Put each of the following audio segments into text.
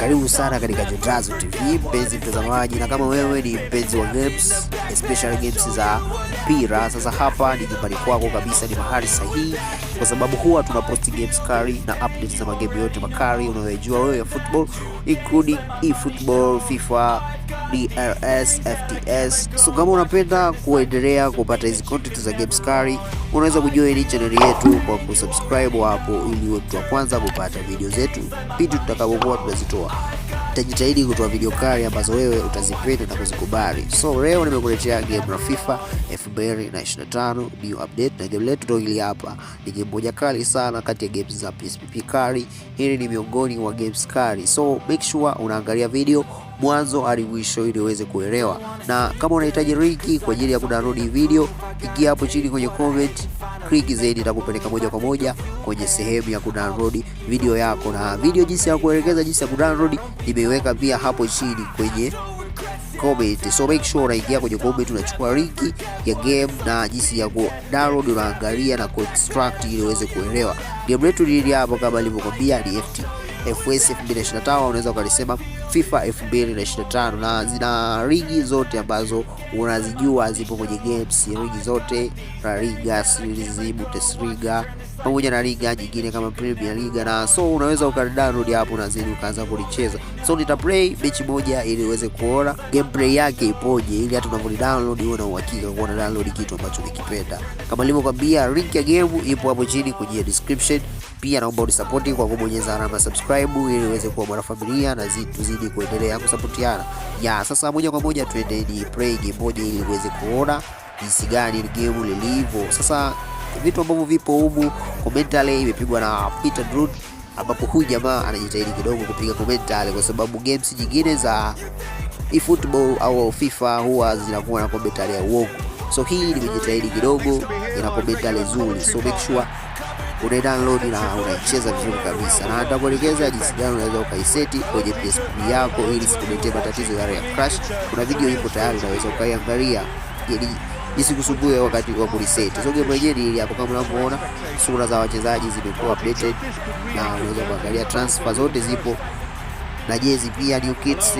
karibu sana katika Jotrazo TV mpenzi mtazamaji, na kama wewe ni mpenzi wa games, especially games za mpira, sasa hapa ni nyumbani kwako kabisa, ni mahali sahihi, kwa sababu huwa tuna post games kali na updates za magame yote makali unayojua wewe ya football, including e-football, FIFA DRS, FTS. So kama unapenda kuendelea kupata hizi content za GameSkari, unaweza kujoin channel yetu kwa kusubscribe hapo, ili uwe wa kwanza kupata video zetu pindi tutakapokuwa tunazitoa. Tajitahidi kutoa video kali ambazo wewe utazipenda na kuzikubali. So leo nimekuletea game la FIFA 2025 new update, na game letu ndio hili hapa. Ni game moja kali sana kati ya games za PSPP kali. Hili ni miongoni wa games kali, so make sure unaangalia video mwanzo hadi mwisho ili uweze kuelewa. Na kama unahitaji linki kwa ajili ya kudownload video, ingia hapo chini kwenye comment, click zaidi itakupeleka moja kwa moja kwenye sehemu ya kudownload video yako, na video jinsi ya kuelekeza jinsi ya kudownload nimeiweka pia hapo chini kwenye comment. So make sure unaingia kwenye comment, unachukua link ya game na jinsi ya kudownload, unaangalia na kuextract ili uweze kuelewa. Game letu lili hapo, kama nilivyokuambia ni FT FS 2025 unaweza ukalisema FIFA 2025, na zina ligi zote ambazo unazijua zipo kwenye games, ligi zote La Liga, Series B, e, Bundesliga pamoja na liga nyingine kama Premier League, na so unaweza ukadownload hapo na zini ukaanza kulicheza. So nitaplay mechi moja ili uweze kuona gameplay yake ipoje, ili hata download uwe na uhakika kwa na download kitu ambacho unakipenda. Kama nilivyokuambia, link ya game ipo hapo chini kwenye description. Pia naomba unisapoti kwa kubonyeza alama subscribe ili uweze kuwa mwanafamilia na tuzidi kuendelea kusapotiana. Ya sasa moja kwa moja tuende ni play game moja ili uweze kuona jinsi gani game lilivyo. Sasa vitu ambavyo vipo humu, commentary imepigwa na Peter Drude ambapo huyu jamaa anajitahidi kidogo kupiga commentary kwa sababu games nyingine za eFootball au FIFA huwa zinakuwa na commentary ya uongo. So hii nimejitahidi kidogo, ina commentary nzuri. So make sure download na unaicheza vizuri kabisa, na nitakuelekeza jinsi gani unaweza ukaiseti kwenye PSP yako ili sikuletee matatizo yale ya crash. Kuna video ipo tayari, unaweza ukaiangalia ili isikusumbue wakati wa kureset. So game yenyewe ile hapo, kama unavyoona sura za wachezaji zimekuwa updated, na unaweza kuangalia transfer zote zipo na jezi pia, new kits,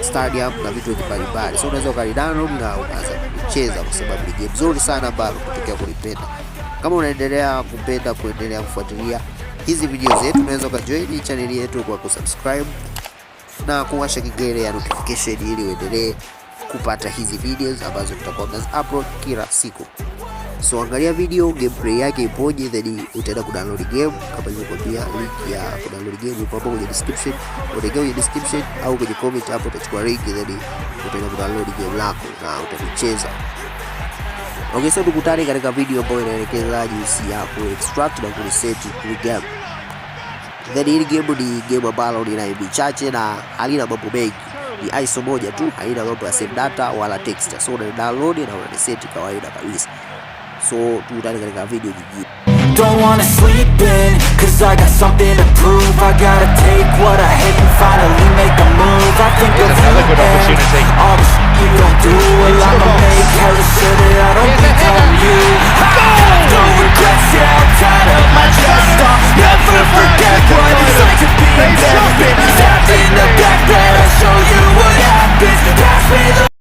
stadium na vitu mbalimbali. So unaweza download na ukaanza kucheza, kwa sababu ni game nzuri sana ambayo kutokea kulipenda. Kama unaendelea kupenda kuendelea kufuatilia hizi video zetu, unaweza ukajoin channel yetu kwa kusubscribe na kuwasha kengele ya notification ili uendelee kupata hizi videos ambazo tutakuwa tunazi upload kila siku. So angalia video gameplay yake ipoje, then utaenda ku download game. Kama nilivyokuambia, link ya ku download game ipo hapo kwenye description, utaingia kwenye description au kwenye comment hapo, utachukua link then utaenda ku download game lako na utacheza. Okay, so tukutane katika video ambayo inaelekeza jinsi ya ku extract na ku reset cool game. Then hili game ni game ambalo lina MB chache na halina mambo mengi, ni ISO moja tu, haina mambo ya save data wala text. so una download na una reset kawaida kabisa. So tukutane katika video nyingine. Don't wanna sleep in cause I got something to prove. I gotta take what I hate and finally make a move. I think of you and all the shit you don't